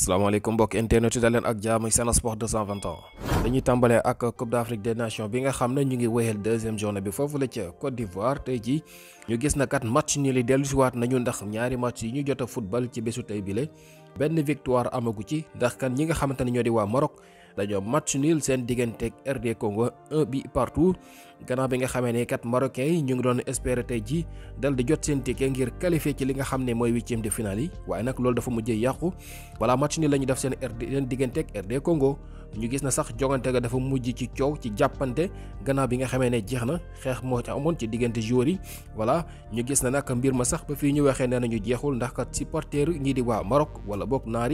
asalaamaaleykum aleykoum, internet de da ak c'est un Sport 221 dañuy ak Coupe d'Afrique des Nations bi nga xamné ñu ngi deuxième journée bi la Côte d'Ivoire tay ji ñu gis na kat match nii li été nañu ndax ñaari match yi ñu football ci bésu bi lé benn victoire amagu ci ndax kan ñi nga ñoo di Maroc dañu match nul seen digganteeg RD Congo 1 bi partout ganna bi nga xamé né kat marocain yi ñu ngi doon espérer tay ji dal di jot sen ticket ngir qualifier ci li nga xamné moy 8e de finale yi waaye nag loolu dafa mujjé yaqku wala match nul lañu ñu def seen RD seen digganteeg RD Congo ñu gis na sax jogante ga dafa mujj ci ciow ci jappante ganna bi nga xamé né jeexna xex mo moo ci amoon ci digënté joueur yi wala ñu gis na nak mbir ma sax ba fi ñu waxé né nañu jeexul ndax kat supporter ñii di wa Maroc wala bok naar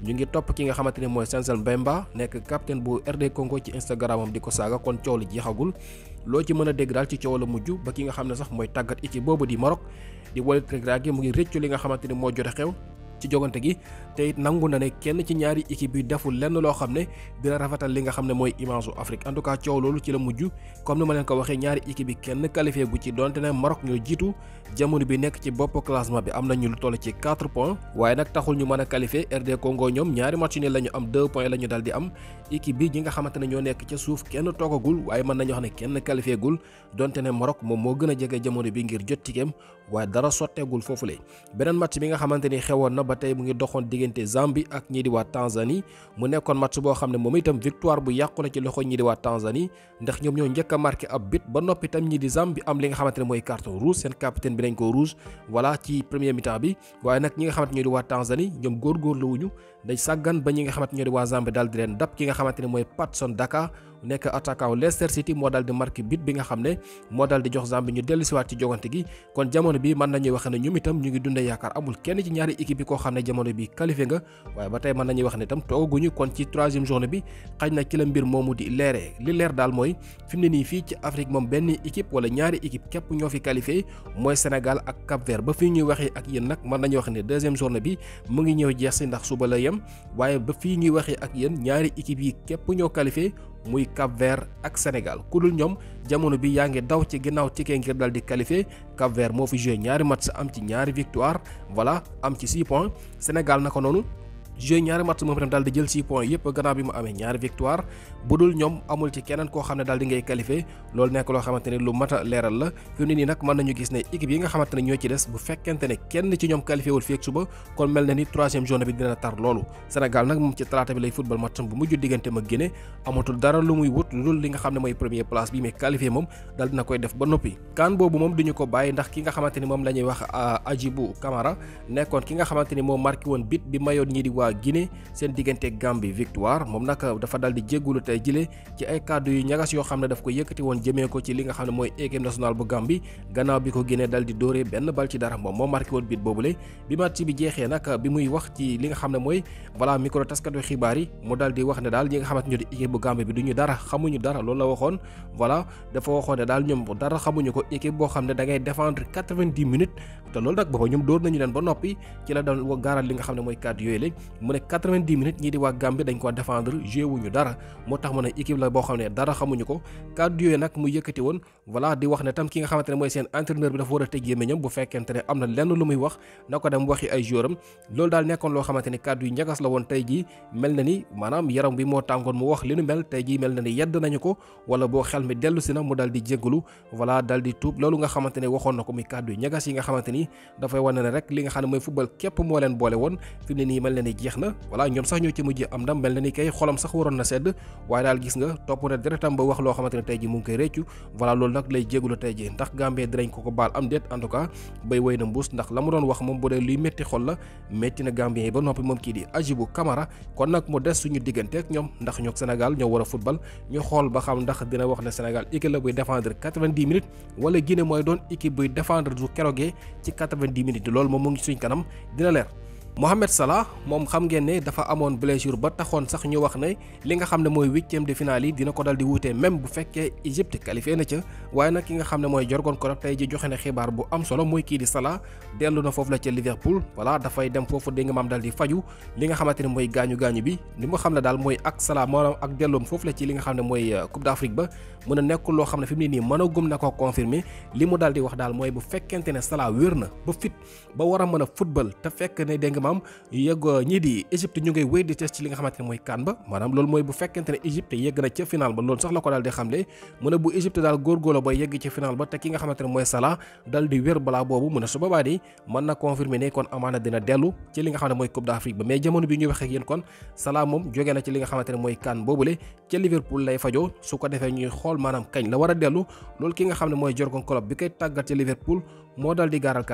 ñu ngi top ki nga xamanteni moy mooy bemba nek capitaine bu RD Congo ci Instagram am di ko saaga kon coow li jeexagul loo ci mën a dégg daal ci coow la mujj ba ki nga xam ne sax mooy tàggat équipe boobu di Maroc di Walid Regragui mu ngi rëccu li nga xamante ni moo jot a xew ci jogante gi te it nangu na ne kenn ci ñaari équipe bi deful lenn loo xam ne dina rafetal li nga xam ne mooy image Afrique en tout cas coow loolu ci la mujj comme ni ma leen ko waxee ñaari équipe bi kenn qualifié gu ci donte ne Maroc ñoo jiitu jamono bi nekk ci bopp classement bi am ñu lu toll ci 4 points waaye nag taxul ñu mën a qualifié RD Congo ñoom ñaari match ni lañu am 2 points lañu daldi am équipe bi ñi nga xamante ne ñoo nekk ca suuf kenn togagul waaye mën nañu wax ne kenn qualifié gul donte ne Maroc moom moo gën a jege jamono bi ngir jot tikem waaye dara sotteegul foofule beneen match bi nga xamante ni xewoon na ba tey mu ngi doxoon diggante Zambie ak ñii di waa Tanzanie mu nekkoon match boo xam ne moom itam victoire bu yàqu la ci loxo ñii di waa Tanzanie ndax ñoom ñoo njëkk a marqué ab bit ba noppi itam ñii di Zambie am li nga xamante ne mooy carton rouge seen capitaine bi nañ ko rouge voilà ci premier mi bi waaye nag ñi nga xamante ñoo di waa Tanzanie ñoom góorgóorlu wuñu dañ sàggan ba ñi nga xamante ñoo di waa Zambie daal di leen dab ki nga xamante nekk attaquant Leicester City moo daal di marqué but bi nga xam ne moo daal di jox Zambie ñu dellu siwaat ci jogante gi kon jamono bi mën nañuy wax ne ñoom itam ñu ngi dundee yaakaar amul kenn ci ñaari équipe yi koo ne jamono bi qualifié nga waaye ba tey mën nañuy wax ne itam tooguñu kon ci troisième journée bi xaj na ci la mbir moomu di leeree li leer daal mooy fi mu ne nii fii ci Afrique moom benn équipe wala ñaari équipe képp ñoo fi qualifié mooy Sénégal ak Cap Vert ba ñuy waxee ak yéen nag mën nañuy wax ne deuxième journée bi mu ngi ñëw jeex si ndax suba la yem waaye ba fii ñuy waxee ak yéen ñaari équipe yi képp ñoo qualifié muy Cap Vert ak Sénégal ku dul ñoom jamono bi yaa ngi daw ci ginnaaw ticket ngir dal di qualifié Cap moo fi joué ñaari match am ci ñaari victoire voilà am ci 6 points Sénégal naka noonu joué ñaari match moom itam dal di jël 6 points yépp gannaaw bi mu amé ñaari victoire budul ñom amul ci kenen ko xamné dal di ngay qualifier lool nekk lo xamanteni lu mata léral la fi ni nak nag mën nañu gis né équipe yi nga xamanteni ñoo ci dess bu fekkente né kenn ci ñom qualifier wul fi ak suba kon mel ni 3e journée bi dina tar loolu Sénégal nak moom ci talaata bi lay football match bu mujj diggante ma gëné amatul dara lu muy wut lu li nga xamné moy mooy première place bi mais qualifier mom dal dina koy def ba nopi kan bobu mom duñu ko bayyi ndax ki nga xamanteni mom lañuy wax euh, Adjibou Kamara nekkon ki nga xamanteni mo marqué won bit bi mayon ñi di waa Guinée seen diggante Gambie victoire moom nag dafa dal di jéggulu tey jile ci ay kàddu yu ñagas yoo xam ne daf ko yëkkati woon jëmee ko ci li nga xam ne mooy équipe nationale bu Gambie gannaaw bi ko Guinée dal di dóoree benn bal ci dara moom moo marqué woon bit xam ne mooy voilà micro taskatu xibaar yi mu dal di wax ne daal ñi nga xamante ñoo di équipe bu Gambie bi du ñu dara xamuñu dara loolu la waxoon voilà dafa waxoon ne daal ñoom dara xamuñu ko équipe boo xam ne da ngay défendre 90 minutes te loolu nag booba ñoom dóor nañu leen ba noppi ci la dal gaaral li nga xam ne mooy kàddu yooyu léegi mu ne 90 minutes ñii di waa Gambie dañ ko défendre joué wuñu dara moo tax mu ne équipe la boo xam ne dara xamuñu ko kàddu yooyu nag mu yëkkati woon voilà di wax ne tam ki nga xamante ne mooy seen entraîneur bi dafa a tëj gémmiñam bu fekkente nekkoon loo xamante ni kàddu yu ñagas la woon tey jii mel na ni maanaam yaram bi moo tàngoon mu wax li nu mel tey jii mel na ni yedd nañu ko wala boo xel mi dellu na mu dal di jéggalu voilà dal di tuub loolu nga xamante waxoon na ko muy kàddu yu ñagas yi nga xamante dafay xam ne mooy football moo leen boole woon fi mu ne jeex na voilà ñoom sax ñoo ci mujj am ndam mel na ni kay xolam sax waroon na sedd waaye daal gis nga topp na deretam ba wax loo xamante ne tey ji mu ngi koy réccu voilà loolu nag lay jégalu tey ji ndax Gambie dinañ ko ko baal am déet en bay woy na mbuus ndax la mu doon wax moom bu dee luy métti xol la métti na Gambien yi ba noppi moom kii di Ajibu Kamara kon nag mu des suñu diggante ak ñoom ndax ñoo Sénégal ñoo war a football ñu xool ba xam ndax dina wax ne Sénégal équipe la buy défendre 90 minutes wala Guinée mooy doon équipe buy défendre du kerogee ci 90 minutes loolu moom mu ngi suñ kanam dina Mohamed Salah moom xam ngeen ne dafa amoon blessure ba taxoon sax ñu wax ne li nga xam ne mooy huitième de finale yi dina ko dal di wuute même bu fekkee Égypte qualifié na ca waaye nag ki nga xam ne mooy Jurgen Klopp tey ji joxe na xibaar bu am solo mooy kii di Salah dellu na foofu la ca Liverpool voilà dafay dem foofu di nga maam di faju li nga xamante ne mooy gaañu gaañu bi li ma xam ne daal mooy ak Salah maanaam ak delloom foofu la ci li nga xam ne mooy euh, Coupe d'Afrique a nekkul loo xam ne fi mu ne nii mën a na ko confirmer li mu dal di wax daal mooy bu fekkente ne Salah wér na ba fit ba a mën a football fekk ne maam yegg euh, ñii di Égypte ñu ngay wéy di test ci li nga xamante ne mooy CAN ba maanaam loolu mooy bu fekkente ne Égypte yegg na ca final ba loolu sax la ko daal di xamle mu ne bu Égypte daal góorgóorlu ba yegg ci final ba te ki nga xamante ne mooy Salah dal di wér balaa boobu mu ne su boobaa di na confirmer ne kon amaana dina dellu ci li nga xam ne mooy Coupe d'Afrique ba mais jamono bi ñuy wax ak yéen kon Salah moom jóge na ci li nga xamante ne mooy CAN boobule ca Liverpool lay fajoo su ko defee ñuy kañ la war a loolu ki nga xam ne mooy Jurgen Klopp bi koy tàggat ci Liverpool moo dal di gaaral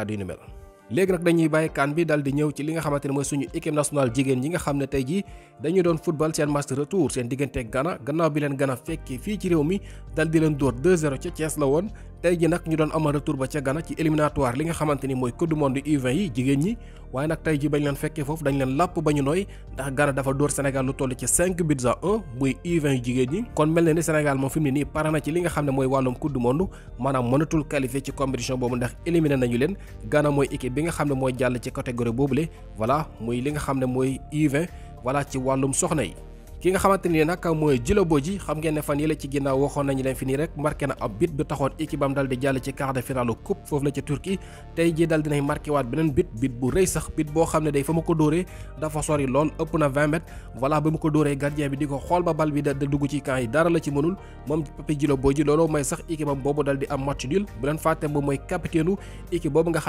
léegi nag dañuy bàyyi kaan bi dal di ñëw ci li nga xamante ne mooy suñu équipe nationale jigéen ñi nga xam ne tey jii dañu doon football seen match retour seen diggante Ghana gannaaw bi leen gana fekkee fii ci réew mi dal di leen dóor 2-0 ca Thiès la woon tey ji nag ñu doon amal retour ba ca Ghana ci éliminatoire li nga xamante ni mooy coupe du monde U20 yi jigéen ñi waaye nag tey ji bañ leen fekkee foofu dañ leen làpp ba ñu nooy ndax Ghana dafa dóor Sénégal lu toll ci cinq buts à 1 muy u yu jigéen ñi kon mel na ni Sénégal moom fi mu ne nii pare na ci li nga xam ne mooy wàllum coupe du monde maanaam mënatul qualifié ci compétition boobu ndax éliminé nañu leen gana mooy équipe bi nga xam ne mooy jàll ci catégorie boobule voilà muy li nga xam ne mooy U20 ci wàllum soxna yi ki nga xamante ni mooy Djilo Bodji xam ngeen fan yële ci ginnaaw waxoon nañu leen fi nii rek marqué na ab bit bi taxoon équipe am dal di jàll ci quart de finale foofu la ca Turquie tey jii dal dinay marqué waat beneen bit bu rëy sax bit boo xam ne day fa ma ko dóoree dafa sori lool ëpp na 20 mètres voilà ba mu ko dóoree gardien bi di ko xool ba bal bi da dugg ci camp yi dara la ci mënul moom Papy Djilo Bodji looloo may sax équipe am boobu dal di am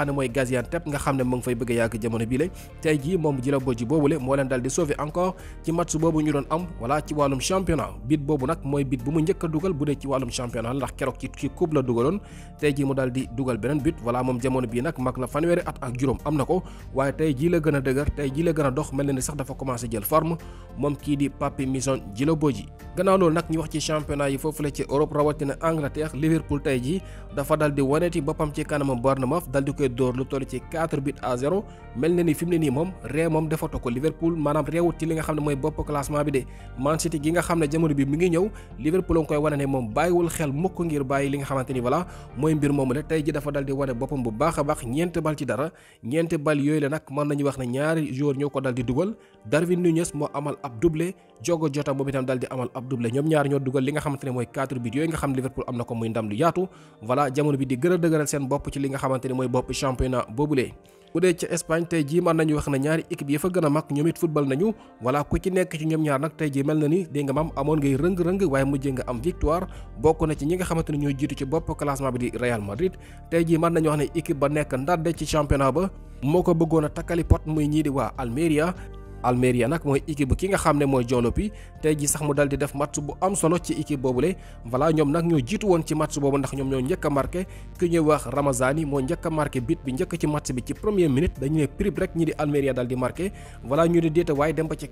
ne mooy Gaziantep nga xam ne mu ngi fay bëgg am ginnaawam ci wàllum championnat biit boobu nag mooy bit bu mu njëkk a dugal bu dee ci wàllum championnat ndax keroog ci ci coupe la dugaloon tey jii mu daal di dugal beneen bit voilà moom jamono bii nag mag la fanweeri at ak juróom am na ko waaye tey ji la gën a dëgër tey ji la gën a dox mel na ni sax dafa commencé jël forme moom kii di Papi Mason Djilobodji gannaaw loolu nag ñu wax ci championnat yi foofu la ci Europe rawatina Angleterre Liverpool tey jii dafa dal di waneeti boppam ci kanam Bournemouth dal di koy dóor lu toll ci na ni fi ne nii moom ree moom defatu ko Liverpool maanaam réewut ci li nga xam mooy bopp classement bi de Man City gi nga xam ne jamono bi mi ngi ñëw Liverpool nga koy wane ne moom bàyyiwul xel mukk ngir bàyyi li nga xamante ni voilà mooy mbir moomu la tey ji dafa dal di wane boppam bu baax a baax ñeenti bal ci dara ñeenti bal yooyu la nag mën nañu wax ne ñaari joueur ñoo ko dal dugal Darwin Nunez moo amal ab doublé Diogo Jota moom itam dal di amal ab doublé ñoom ñaar ñoo dugal li nga xamante ne mooy 4 but yooyu nga xam am na ko muy ndam lu yaatu bi di gën a dëgëral seen bopp ci li nga xamante ni mooy bopp championnat boobulee bu dee ca Espagne tey jii mën nañu wax ne ñaari équipe yi fa gën a mag ñoom it football nañu voilà ku ci nekk ci ñoom ñaar nag tey jii mel na ni dégg nga maam amoon ngay rëng-rëng waaye mujjee nga am victoire bokk na ci ñi nga xamante ne ñoo jiitu ci bopp classement bi di Real Madrid tey jii mën nañu wax ne équipe ba nekk ndadde ci championnat ba moo ko bëggoon a takkali pot muy ñii di waa Almeria Almeria nag mooy équipe ki nga xam ne mooy jolof yi tey ji sax mu dal di def match bu am solo ci équipe boobule voilà ñoom nag ñoo jiitu woon ci match boobu ndax ñoom ñoo njëkk a marqué ki ñuy wax Ramazani moo njëkk a marqué bit bi njëkk ci match bi ci première minute dañu ne prib rek ñi di Almeria dal di marqué voilà ñu di déeta waaye dem ci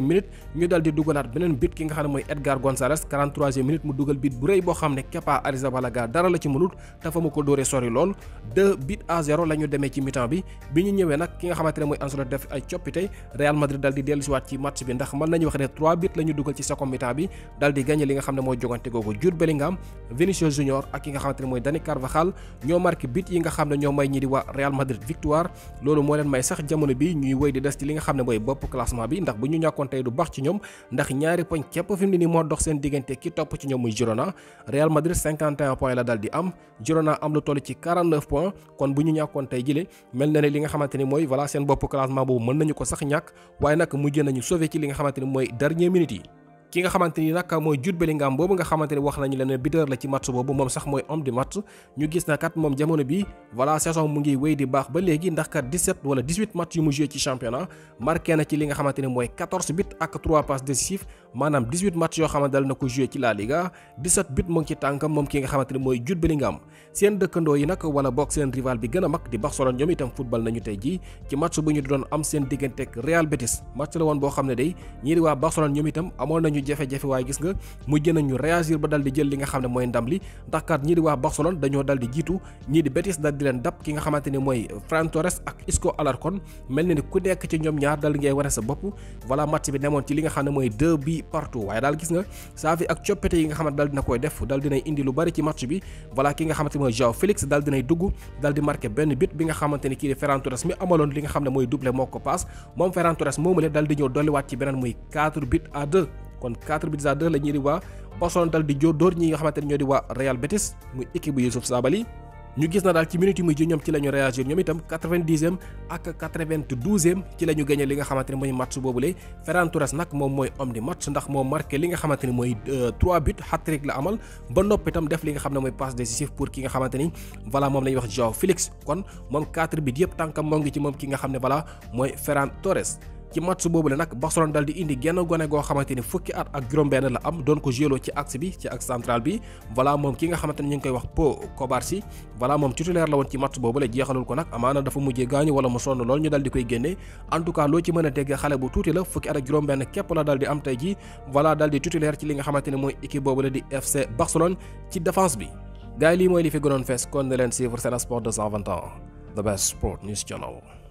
minute ñu dal di dugalaat beneen bit ki nga xam ne mooy Edgar Gonzalez 43e minute mu dugal bit bu rëy boo xam ne Kepa Arrizabalaga dara la ci mënut te fa mu lool 2 la ñu demee ci mi bi bi ñu ñëwee nag ki nga xamante ne mooy Ancelotti def ay coppite Real Madrid dal di wat ci match bi ndax man nañu wax ne 3 but lañu duggal ci second mi-temps bi daldi gagné li nga xamné moy jogante gogo Jude Bellingham Vinicius Junior ak ki nga xamante moy Dani Carvajal ño marqué but yi nga xamné ño may ñi di wa Real Madrid victoire lolu mo leen may sax jamono bi ñuy woy di dess ci li nga xamné moy bop classement bi ndax bu ñu ñakon tay du bax ci ñom ndax ñaari poñ kep fim ni mo dox seen digënté ki top ci ñom moy Girona Real Madrid 51 points la daldi am Girona am lu toll ci 49 points kon bu ñu ñakon tay jilé melna na li nga xamante moy voilà seen bop classement boobu meun nañu ko sax ñak ñàkk waaye nag mujj nañu sauvé ci li nga xamante ni mooy dernier minute yi ki nga xamante ni nag mooy Jude Bellingham boobu nga xamante ni wax nañu la ne buteur la ci match boobu moom sax mooy homme du match ñu gis na kat moom jamono bi voilà saison mu ngi wéy di baax ba léegi ndax kat 17 wala 18 match yu mu joué ci championnat marqué na ci li nga xamante ni mooy 14 but ak 3 passes décisives maanaam 18 match yoo xamante dal na ko joué ci La Liga 17 but mu ngi ci tànkam moom ki nga xamante ne mooy Jude Bellingham seen dëkkandoo yi nag wala boog seen rival bi gën a mag di Barcelone ñoom itam football nañu tey jii ci match bu ñu doon am seen diggante ak Real Betis match la woon boo xam ne day ñii di waa Barcelone ñoom itam amoon nañu jafe-jafe waaye gis nga mujj nañu réagir ba dal jël li nga xam ne mooy ndam li ndax kat ñii di waa Barcelone dañoo xamante ne mooy Fran Torres ak Isco ku nekk ci ñoom ñaar dal ngay wane sa bopp voilà match bi ne mooy bi partout waaye daal gis nga Xavi ak coppite yi nga xamante dal dina koy def dal dinay indi lu bari ci match bi voilà ki nga xamante mooy Joao Félix dal dinay dugg dal di marqué benn but bi nga xamante ni kii di Ferran Torres mi amaloon li nga xam ne mooy doublé moo ko paas moom Ferran Torres moomu le dal di ñëw dolliwaat ci beneen muy 4 buts à 2 kon 4 buts à 2 la di waa Barcelone dal di joo dóor ñi nga xamante ne ñoo di waa Real Betis ñu gis na daal ci minute yu mujj ñoom ci lañu réagir ñoom itam 90 e ak 92 e ci lañu ñu gagné li nga xamante ne mooy match boobule Ferran Torres nag moom mooy homme du match ndax moo marqué li nga xamante ne mooy 3 euh, buts hat-trick la amal ba noppi itam def li nga xam ne mooy passe décisif pour ki nga xamante ni voilà moom la wax Joao Félix kon moom 4 buts yëpp tànkam moo ngi ci moom ki nga xam ne voilà mooy Ferran Torres. ci match boobu la nag Barcelone dal di indi genn gone goo xamante ni fukki at ak juróom-benn la am doon ko jëloo ci axe bi ci axe central bi voilà moom ki nga xamante ni ñu ngi koy wax Po Kobarsi voilà moom titulaire la woon ci match boobu la jeexalul ko nag amaana dafa mujjee gaañu wala mu sonn lool ñu dal di koy génne en tout cas loo ci mën a déggee xale bu tuuti la fukki at ak juróom-benn képp la dal am tey ji voilà dal di ci li nga xamante ne leen suivre Sen Sports 221